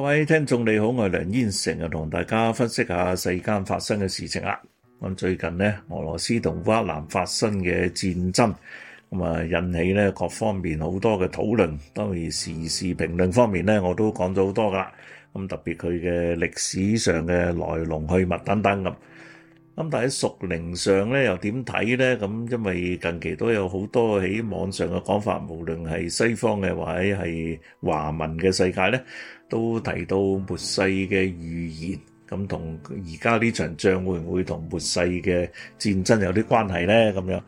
各位聽眾你好，我係梁燕成，同大家分析下世間發生嘅事情啊！咁最近咧，俄羅斯同烏克蘭發生嘅戰爭，咁啊引起咧各方面好多嘅討論，當然時事評論方面咧，我都講咗好多噶啦。咁特別佢嘅歷史上嘅來龍去脈等等咁。咁但係喺熟齡上咧，又點睇咧？咁因為近期都有好多喺網上嘅講法，無論係西方嘅或者係華文嘅世界咧，都提到末世嘅預言。咁同而家呢場仗會唔會同末世嘅戰爭有啲關係咧？咁樣，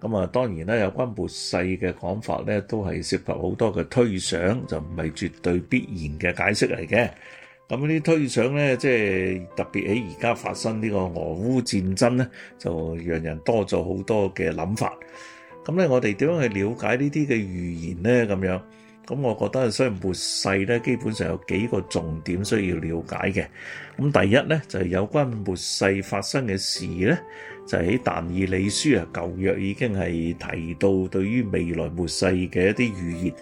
咁啊，當然啦，有關末世嘅講法咧，都係涉及好多嘅推想，就唔係絕對必然嘅解釋嚟嘅。咁呢啲推想咧，即係特別喺而家發生呢個俄烏戰爭咧，就讓人多咗好多嘅諗法。咁咧，我哋點樣去了解呢啲嘅預言咧？咁樣，咁我覺得，雖然末世咧，基本上有幾個重點需要了解嘅。咁第一咧，就係有關末世發生嘅事咧，就喺但以理書啊，舊約已經係提到對於未來末世嘅一啲預言。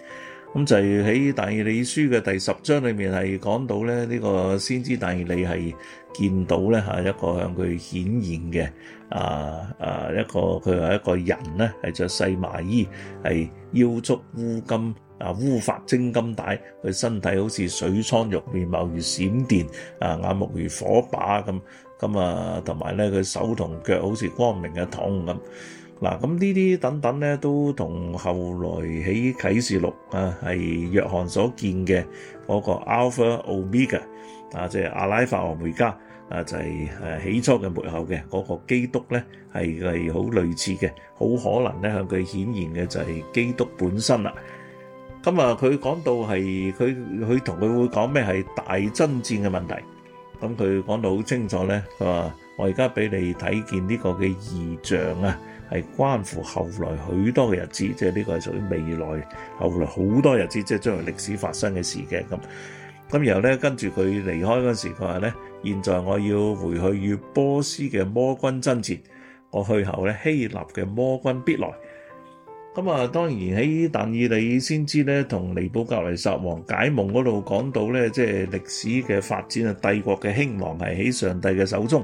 咁就喺《但以理書》嘅第十章裏面係講到咧，呢、呢個先知但以理係見到咧嚇，一個向佢顯現嘅啊，啊一個佢係一個人咧，係着細麻衣，係腰束烏金啊，烏髮精金帶，佢身體好似水蒼玉，面貌如閃電啊，眼目如火把咁咁啊，同埋咧佢手同腳好似光明嘅銅咁。嗱，咁呢啲等等咧，都同後來喺啟示錄啊，係約翰所見嘅嗰個 Alpha Omega 啊，即係阿拉法和梅加啊，就係誒起初嘅末後嘅嗰個基督咧，係係好類似嘅，好可能咧向佢顯現嘅就係基督本身啦。咁啊，佢講到係佢佢同佢會講咩係大爭戰嘅問題，咁佢講到好清楚咧，佢話我而家俾你睇見呢個嘅異象啊！係關乎後來許多嘅日子，即係呢個係屬於未來，後來好多日子即係將來歷史發生嘅事嘅咁。咁然後咧，跟住佢離開嗰時候，佢話咧：現在我要回去與波斯嘅魔君爭戰，我去後咧，希臘嘅魔君必來。咁啊，當然喺但以理先知咧，同尼布甲尼撒王解夢嗰度講到咧，即係歷史嘅發展啊，帝國嘅興亡係喺上帝嘅手中。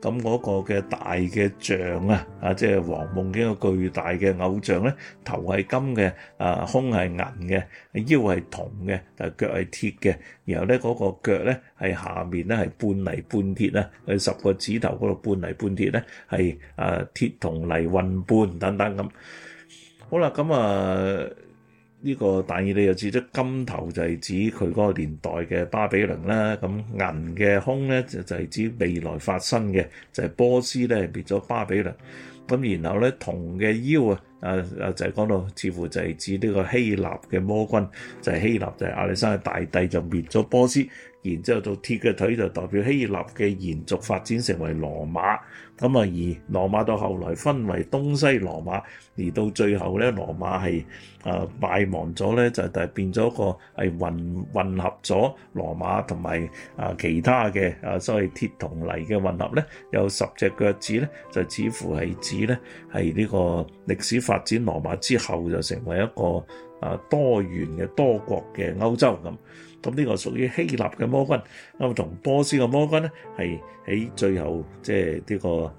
咁嗰個嘅大嘅像啊，啊，即係王夢呢個巨大嘅偶像咧，頭係金嘅，啊，胸係銀嘅，腰係銅嘅，但腳係鐵嘅。然後咧嗰個腳咧係下面咧係半泥半鐵啊，佢十個指頭嗰度半泥半鐵咧係啊鐵同泥混半等等咁。好啦，咁啊呢個但以理又指得金頭就係指佢嗰個年代嘅巴比倫啦，咁銀嘅胸咧就就係指未來發生嘅就係、是、波斯咧滅咗巴比倫，咁然後咧銅嘅腰啊啊啊就係、是、講到似乎就係指呢個希臘嘅魔君就係、是、希臘就係亞歷山大帝就滅咗波斯。然之後鐵，到鐵嘅腿就代表希臘嘅延續發展成為羅馬，咁啊而羅馬到後來分為東西羅馬，而到最後咧羅馬係啊、呃、敗亡咗咧，就就是、變咗個係混混合咗羅馬同埋啊其他嘅啊，所謂鐵同泥嘅混合咧，有十隻腳趾咧，就似乎係指咧係呢個歷史發展羅馬之後就成為一個啊多元嘅多國嘅歐洲咁。咁、這、呢個屬於希臘嘅魔君，咁同波斯嘅魔君咧，係喺最後即係呢個。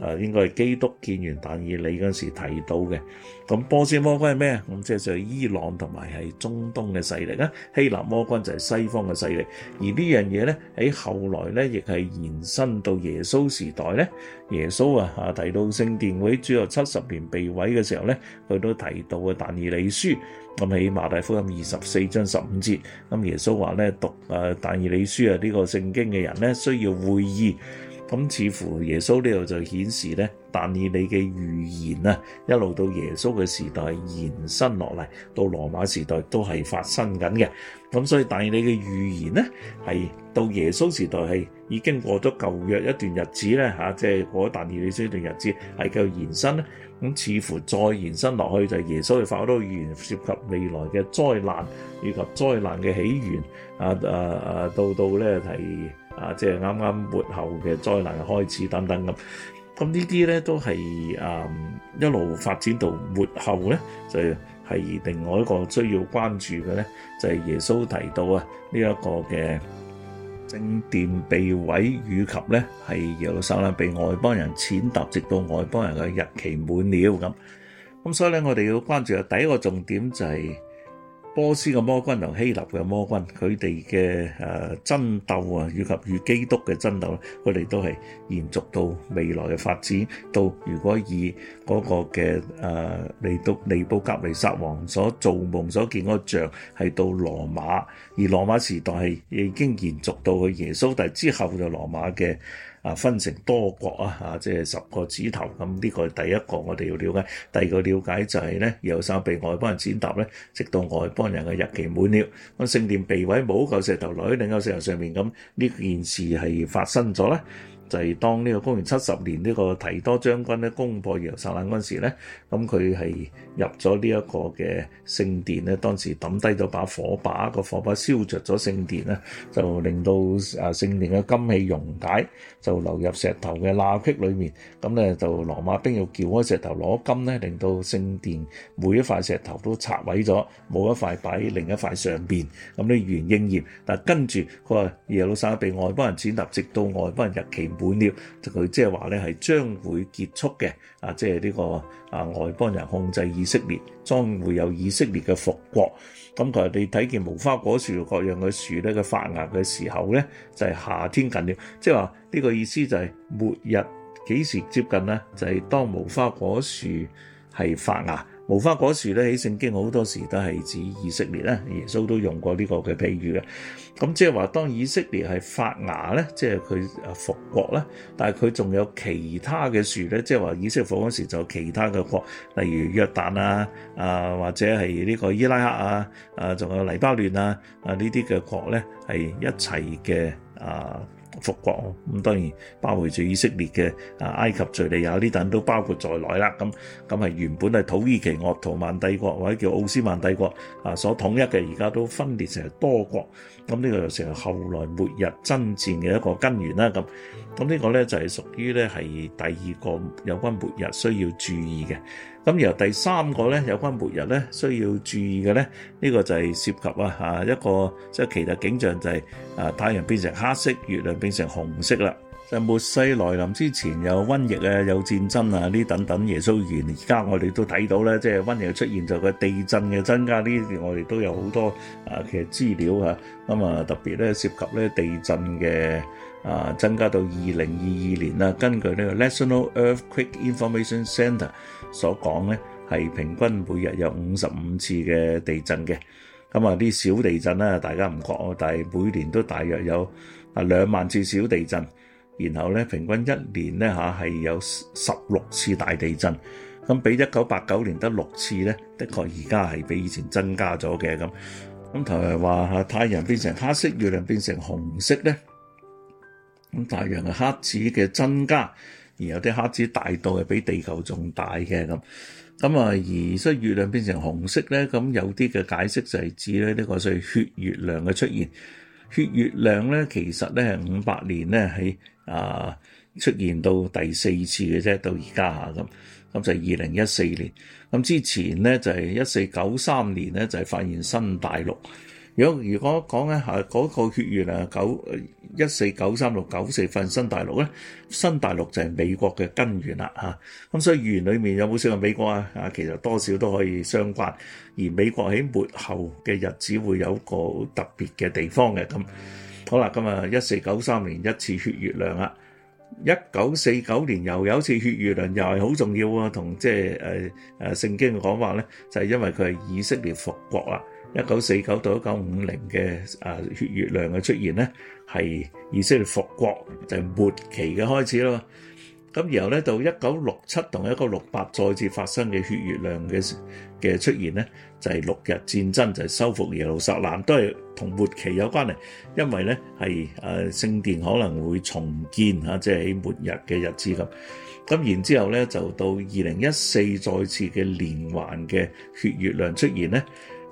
誒應該係基督見完但以理嗰陣時提到嘅，咁波斯魔君係咩啊？咁即係就係伊朗同埋係中東嘅勢力啦。希臘魔君就係西方嘅勢力。而呢樣嘢咧喺後來咧亦係延伸到耶穌時代咧。耶穌啊提到聖殿會主後七十年被毀嘅時候咧，佢都提到嘅但以理書。咁起馬太福音二十四章十五節，咁耶穌話咧讀誒但以理書啊呢個聖經嘅人咧需要會意。咁似乎耶穌呢度就顯示咧，但以理嘅預言啊，一路到耶穌嘅時代延伸落嚟，到羅馬時代都係發生緊嘅。咁所以但以理嘅預言咧，係到耶穌時代係已經過咗舊約一段日子咧，吓、啊，即係過咗但以理呢一段日子，係繼續延伸咧。咁、啊、似乎再延伸落去就係、是、耶穌去發好多預言，涉及未來嘅災難以及災難嘅起源。啊啊啊，到啊到咧係。啊，即係啱啱末後嘅災難開始，等等咁。咁呢啲咧都係啊、嗯，一路發展到末後咧，就係、是、另外一個需要關注嘅咧，就係、是、耶穌提到啊，呢、這、一個嘅正殿被毀，以及咧係耶路撒冷被外邦人踐踏，直到外邦人嘅日期滿了咁。咁所以咧，我哋要關注嘅第一個重點就係、是。波斯嘅魔君同希臘嘅魔君，佢哋嘅誒爭鬥啊，以及與基督嘅爭鬥，佢哋都係延續到未來嘅發展。到如果以嗰個嘅誒、呃、尼布甲尼撒王所做夢所見嗰像，係到羅馬，而羅馬時代已經延續到去耶穌，但之後就羅馬嘅。啊，分成多國啊，即係十個指頭咁。呢個係第一個我哋要了解，第二個了解就係咧，有時候被外邦人踐踏咧，直到外邦人嘅日期滿了，咁聖殿被毀冇嚿石頭落喺嚿石頭上面咁，呢件事係發生咗啦。就係當呢個公元七十年呢個提多將軍咧攻破耶路撒冷嗰時咧，咁佢係入咗呢一個嘅聖殿咧，當時抌低咗把火把，個火把燒着咗聖殿咧，就令到啊聖殿嘅金器溶解，就流入石頭嘅罅隙裏面，咁咧就羅馬兵又撬開石頭攞金咧，令到聖殿每一塊石頭都拆毀咗，冇一塊擺另一塊上邊，咁呢完全應驗。但係跟住佢話耶路撒冷被外邦人踐踏，直到外邦人日期滿了，佢即係話咧，係將會結束嘅。啊，即係呢、這個啊外邦人控制以色列，將會有以色列嘅復國。咁佢話你睇見無花果樹各樣嘅樹咧嘅發芽嘅時候咧，就係、是、夏天近了。即係話呢個意思就係末日幾時接近咧？就係、是、當無花果樹係發芽。無花果樹咧喺聖經好多時都係指以色列啦，耶穌都用過呢個嘅譬喻嘅。咁即係話當以色列係發芽咧，即係佢啊復國啦。但係佢仲有其他嘅樹咧，即係話以色列復國時就有其他嘅國，例如約旦啊啊或者係呢個伊拉克啊啊仲有黎巴嫩啊啊呢啲嘅國咧係一齊嘅啊。復國，咁當然包圍住以色列嘅，啊，埃及、敍利亞呢等都包括在內啦。咁咁係原本係土耳其鄂圖曼帝國或者叫奧斯曼帝國啊所統一嘅，而家都分裂成多國。咁呢個又成後來末日爭戰嘅一個根源啦。咁咁呢個咧就係屬於咧係第二個有關末日需要注意嘅。咁由第三個呢，有關末日呢，需要注意嘅呢，呢個就係涉及啊一個即係奇特景象，就係啊太陽變成黑色，月亮變成紅色啦。就是，末世來臨之前，有瘟疫啊，有戰爭啊，呢等等耶穌，耶穌言而家我哋都睇到咧，即、就、係、是、瘟疫出現就個、是、地震嘅增加呢。我哋都有好多啊嘅資料啊。咁啊，特別咧涉及咧地震嘅啊，增加到二零二二年啦。根據呢個 National Earthquake Information Center 所講咧，係平均每日有五十五次嘅地震嘅。咁啊，啲小地震咧，大家唔覺，但係每年都大約有啊兩萬次小地震。然後咧，平均一年咧嚇係有十六次大地震，咁比一九八九年得六次咧，的確而家係比以前增加咗嘅咁。咁頭咪話嚇太陽變成黑色，月亮變成紅色咧。咁太陽係黑子嘅增加，而有啲黑子大到係比地球仲大嘅咁。咁啊，而所以月亮變成紅色咧，咁有啲嘅解釋就係指咧呢個所謂血月亮嘅出現。血月亮咧，其實咧係五百年咧喺啊出現到第四次嘅啫，到而家吓咁，咁就係二零一四年。咁之前咧就係一四九三年咧就係發現新大陸。若如果講咧嚇嗰個血月啊九一四九三六九四份新大陸咧，新大陸就係美國嘅根源啦嚇。咁所以預言裏面有冇涉及美國啊？啊，其實多少都可以相關。而美國喺末後嘅日子會有一個特別嘅地方嘅咁。好啦，咁啊一四九三年一次血月亮啊，一九四九年又有次血月亮又係好重要喎，同即係誒誒聖經嘅講法咧，就係因為佢係以色列復國啊。一九四九到一九五零嘅啊血月亮嘅出現咧，係以色列復國就係、末期嘅開始咯。咁然後咧，到一九六七同一九六八再次發生嘅血月亮嘅嘅出現咧，就係、係、六日戰爭就係、係、收復耶路撒冷都係同末期有關嚟，因為咧係誒聖殿可能會重建嚇，即係喺末日嘅日子咁。咁然之後咧就到二零一四再次嘅連環嘅血月亮出現咧。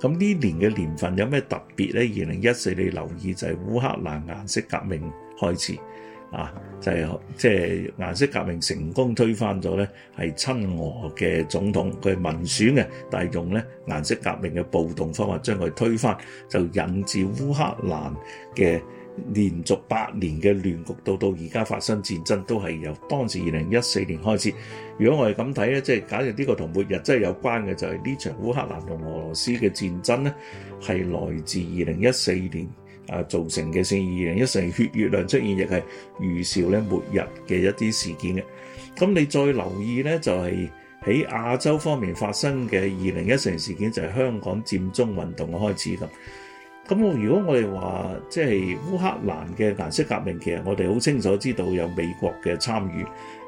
咁呢年嘅年份有咩特別呢？二零一四你留意就係烏克蘭顏色革命開始，啊，就係即係顏色革命成功推翻咗呢係親俄嘅總統，佢係民選嘅，但係用呢顏色革命嘅暴動方法將佢推翻，就引致烏克蘭嘅。連續八年嘅亂局，到到而家發生戰爭都係由當時二零一四年開始。如果我哋咁睇咧，即係假若呢個同末日真係有關嘅，就係、是、呢場烏克蘭同俄羅斯嘅戰爭咧，係來自二零一四年啊造成嘅先。二零一四年血月亮出現亦係預兆咧末日嘅一啲事件嘅。咁你再留意咧，就係、是、喺亞洲方面發生嘅二零一四年事件，就係、是、香港佔中運動嘅開始咁。咁我如果我哋話即係烏克蘭嘅顏色革命，其實我哋好清楚知道有美國嘅參與。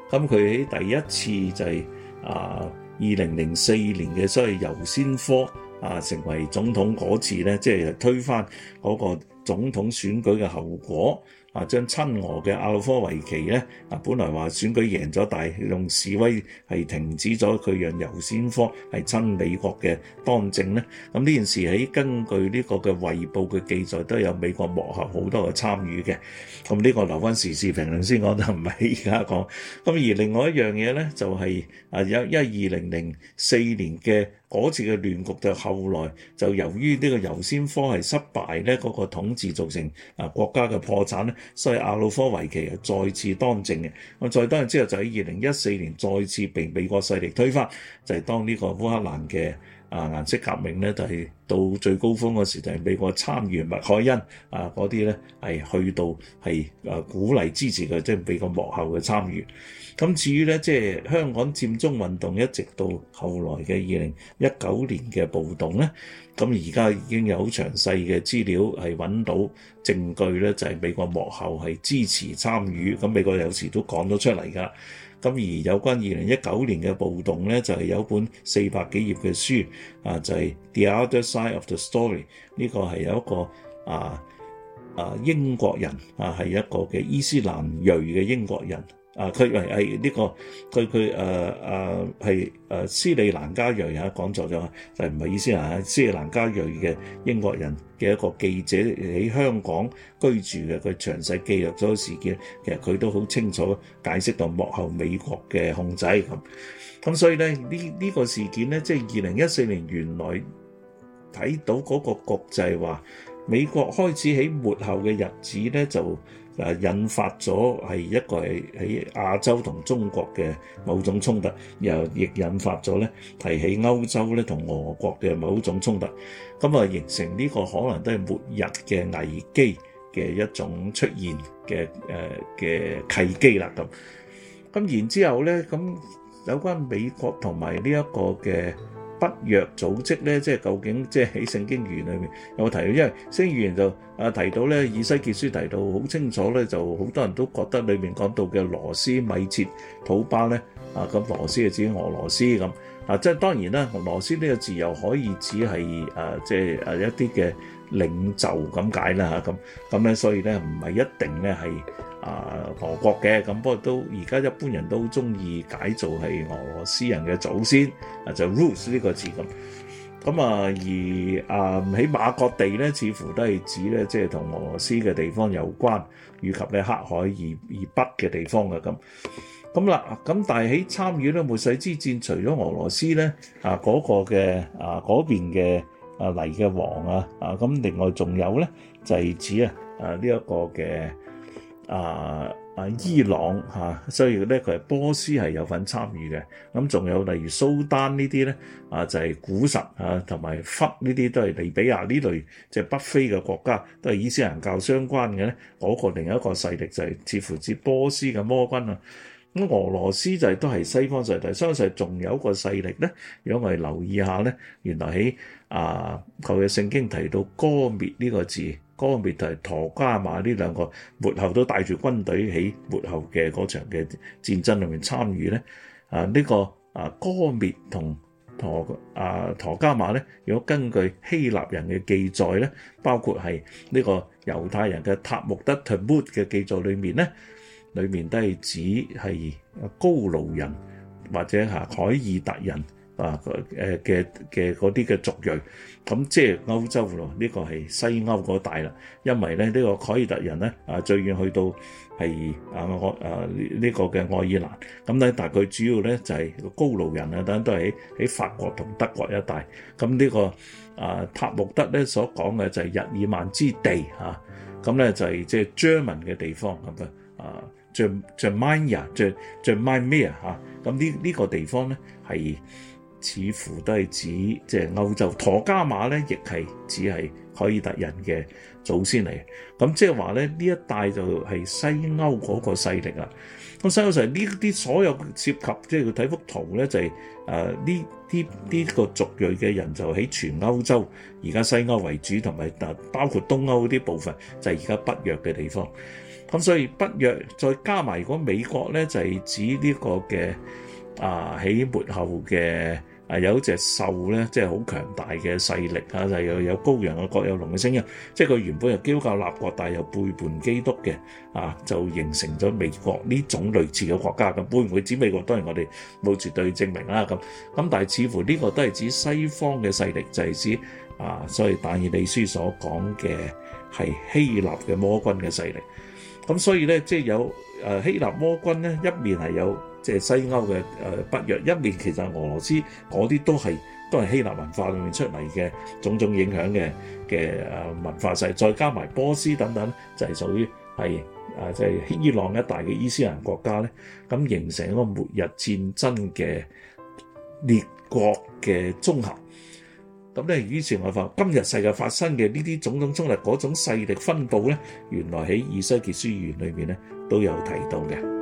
咁佢喺第一次就係啊二零零四年嘅，所謂尤先科啊、呃、成為總統嗰次咧，即係推翻嗰個總統選舉嘅後果。啊！將親俄嘅亞努科維奇咧，啊，本來話選舉贏咗，但係用示威係停止咗佢，讓尤先科係親美國嘅當政咧。咁呢件事喺根據呢、這個嘅衛報嘅記載，都有美國幕後好多嘅參與嘅。咁、這、呢個留返時事評論先講，就唔係而家講。咁而另外一樣嘢咧，就係、是、啊，一一二零零四年嘅嗰次嘅亂局，就後來就由於呢個尤先科係失敗咧，嗰、那個統治造成啊國家嘅破產咧。所以阿魯科維奇係再次當政嘅，咁再當政之後就喺二零一四年再次被美國勢力推翻，就係、是、當呢個烏克蘭嘅。啊！顏色革命咧，就係到最高峰嗰時就參與，就係、是、美國參與麥凱恩啊嗰啲咧，係去到係啊鼓勵支持佢，即係美國幕後嘅參與。咁至於咧，即、就、係、是、香港佔中運動一直到後來嘅二零一九年嘅暴動咧，咁而家已經有好詳細嘅資料係揾到證據咧，就係美國幕後係支持參與。咁美國有時都講咗出嚟㗎。咁而有關二零一九年嘅暴動咧，就係有一本四百幾頁嘅書啊，就係《The Other Side of the Story》呢個係有一個啊啊英國人啊，係一個嘅伊斯蘭裔嘅英國人。啊！佢係係呢個佢佢誒誒係誒斯里蘭加瑞喺講錯就話，誒唔係意思啊，斯里蘭加瑞嘅、啊、英國人嘅一個記者喺香港居住嘅，佢詳細記錄咗事件，其實佢都好清楚解釋到幕後美國嘅控制咁。咁所以咧呢呢、呢個事件咧，即係二零一四年原來睇到嗰個國際話。美國開始喺末後嘅日子咧，就誒引發咗係一個係喺亞洲同中國嘅某種衝突，又亦引發咗咧提起歐洲咧同俄國嘅某種衝突，咁啊形成呢個可能都係末日嘅危機嘅一種出現嘅誒嘅契機啦咁。咁然之後咧，咁有關美國同埋呢一個嘅。北約組織咧，即係究竟即係喺聖經語言裏面有冇提到？因為聖經語就啊提到咧，以西結書提到好清楚咧，就好多人都覺得裏面講到嘅羅斯米切、土巴咧啊，咁羅斯就指俄羅斯咁。嗱，即係當然啦，俄羅斯呢個字又可以指係誒，即係誒一啲嘅。領袖咁解啦吓，咁咁咧，所以咧唔係一定咧係啊俄國嘅，咁不過都而家一般人都中意解做係俄羅斯人嘅祖先，就是、Rus 呢個字咁。咁啊，而啊喺、嗯、馬各地咧，似乎都係指咧，即係同俄羅斯嘅地方有關，以及咧黑海而而北嘅地方嘅咁。咁啦，咁但係喺參與咧末世之戰，除咗俄羅斯咧啊嗰個嘅啊嗰邊嘅。啊！黎嘅王啊！啊咁，另外仲有咧，就係指啊啊呢一個嘅啊啊伊朗嚇，所以咧佢係波斯係有份參與嘅。咁仲有例如蘇丹呢啲咧啊，就係古實啊同埋忽呢啲都係利比亞呢類，即係北非嘅國家，都係伊斯蘭教相關嘅咧。嗰個另一個勢力就係似乎指波斯嘅魔君啊。咁俄羅斯就係都係西方勢力。相信仲有一個勢力咧，如果我哋留意下咧，原來喺。啊！佢嘅聖經提到歌滅呢個字，歌滅就係陀加馬呢兩個，末後都帶住軍隊喺末後嘅嗰場嘅戰爭裏面參與咧。啊！呢、呢個啊歌滅同陀啊陀加馬咧，如果根據希臘人嘅記載咧，包括係呢個猶太人嘅塔木德特木嘅記載裏面咧，裏面都係指係高盧人或者嚇凱爾特人。啊，誒嘅嘅嗰啲嘅族裔，咁即係歐洲咯，呢個係西歐嗰帶啦。因為咧，呢個凱爾特人咧，啊最遠去到係啊啊呢個嘅愛爾蘭。咁咧，但佢主要咧就係個高盧人啊，等都係喺法國同德國一帶。咁呢個啊塔木德咧，所講嘅就係日耳曼之地，咁咧就係即係 German 嘅地方咁嘅啊，Germania，Germania 咁呢，呢個地方咧係。似乎都係指即係歐洲，陀加馬咧，亦係只係凱爾特人嘅祖先嚟嘅。咁即係話咧，呢一帶就係西歐嗰個勢力啦。咁西歐就係呢啲所有涉及，即係佢睇幅圖咧，就係誒呢啲呢個族裔嘅人就喺全歐洲，而家西歐為主，同埋包括東歐啲部分，就係而家北約嘅地方。咁所以北約，再加埋如果美國咧，就係、是、指呢個嘅。啊！喺末後嘅啊，有一隻獸咧，即係好強大嘅勢力啊，就有羔羊嘅角，有龍嘅聲音，即係佢原本係基督教立國，但又背叛基督嘅啊，就形成咗美國呢種類似嘅國家咁。會唔會指美國？當然我哋冇絕對證明啦咁。咁但係似乎呢個都係指西方嘅勢力，就係、是、指啊，所以但以理書所講嘅係希臘嘅魔君嘅勢力。咁所以咧，即係有誒希臘魔君咧，一面係有即係西歐嘅誒北約，一面其實俄羅斯嗰啲都係都係希臘文化裏面出嚟嘅種種影響嘅嘅誒文化勢，再加埋波斯等等，就係屬於係誒即係伊朗一帶嘅伊斯蘭國家咧，咁形成一個末日戰爭嘅列國嘅綜合。咁咧，於是我發今日世界發生嘅呢啲種種衝突，嗰種勢力分布咧，原來喺《二希傑書》園裏面咧都有提到嘅。